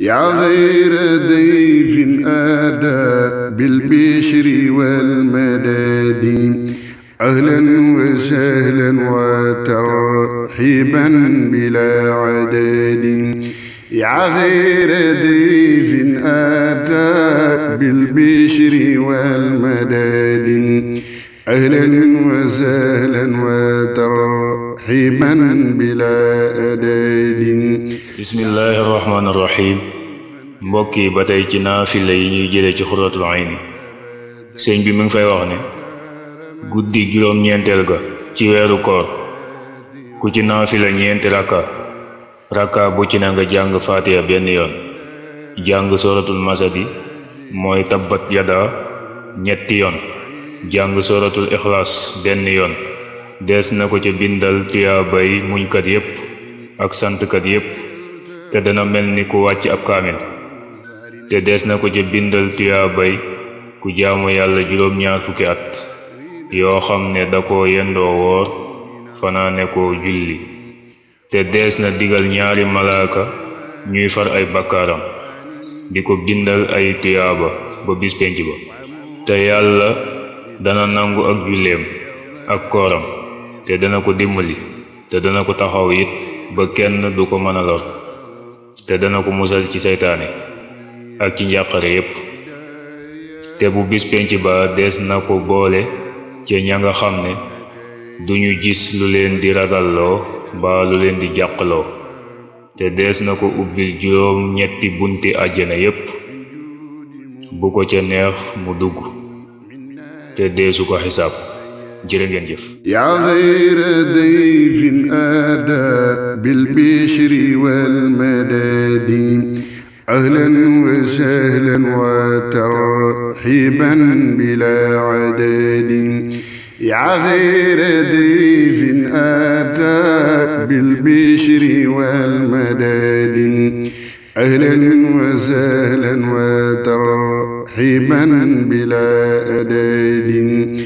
yaa xayra dayfin aadaa bil bishri wal madaadi ahlan wa sahlan wa tarxiiban bilaa adadi yaa xayra dayfin aadaa bil bishri wal madaadi ahlan wa sahlan wa tarxiiban bilaa adadi bismillahi irrahmaani mbokk yi ba tey ci naafila yi ñuy jëlee ci xuratul ayni sëñ bi mu ngi fay wax ne guddi juróom-ñeenteel ga ci weeru koor ku ci naafila ñeenti rakka rakka bu ci na nga jàng faatiha benn yoon jàng suratul bi mooy tabbat yada ñetti yoon jàng suratul ixlaas benn yoon des na ko ca bindal tuyaabay muñkat yépp ak santkat yépp te dana mel ni ku wàcc ab kaamil te dees na ko ca bindal tuyaabay ku jaamu yàlla juróom-ñaar fukki at yoo xam ne da koo yendoo woor fanaane koo julli te dees na digal ñaari malaaka ñuy far ay bakkaaram di ko bindal ay tuyaaba ba bis ba te yàlla dana nangu ak julleem ak kooram te dana ko dimbali te dana ko taxaw it ba kenn du ko mën a te dana ko musal ci seytaane ak ci njàqare yépp te bu bis penc ba dees na ko boole ca ña nga xam ne duñu gis lu leen di ragalloo ba lu leen di jàqloo te dees na ko ubbil juróom ñetti bunti àjjana yépp bu ko ca neex mu dugg te deesu ko xisaab jërë ngeen jëf yaa xayra dayfin aada bil bishri wal madadi ahlan wa sahlan wa tarxiban bila adadi yaa xayra dayfin aada bil bishri wal madadi ahlan wa sahlan wa tarxiban bila adadi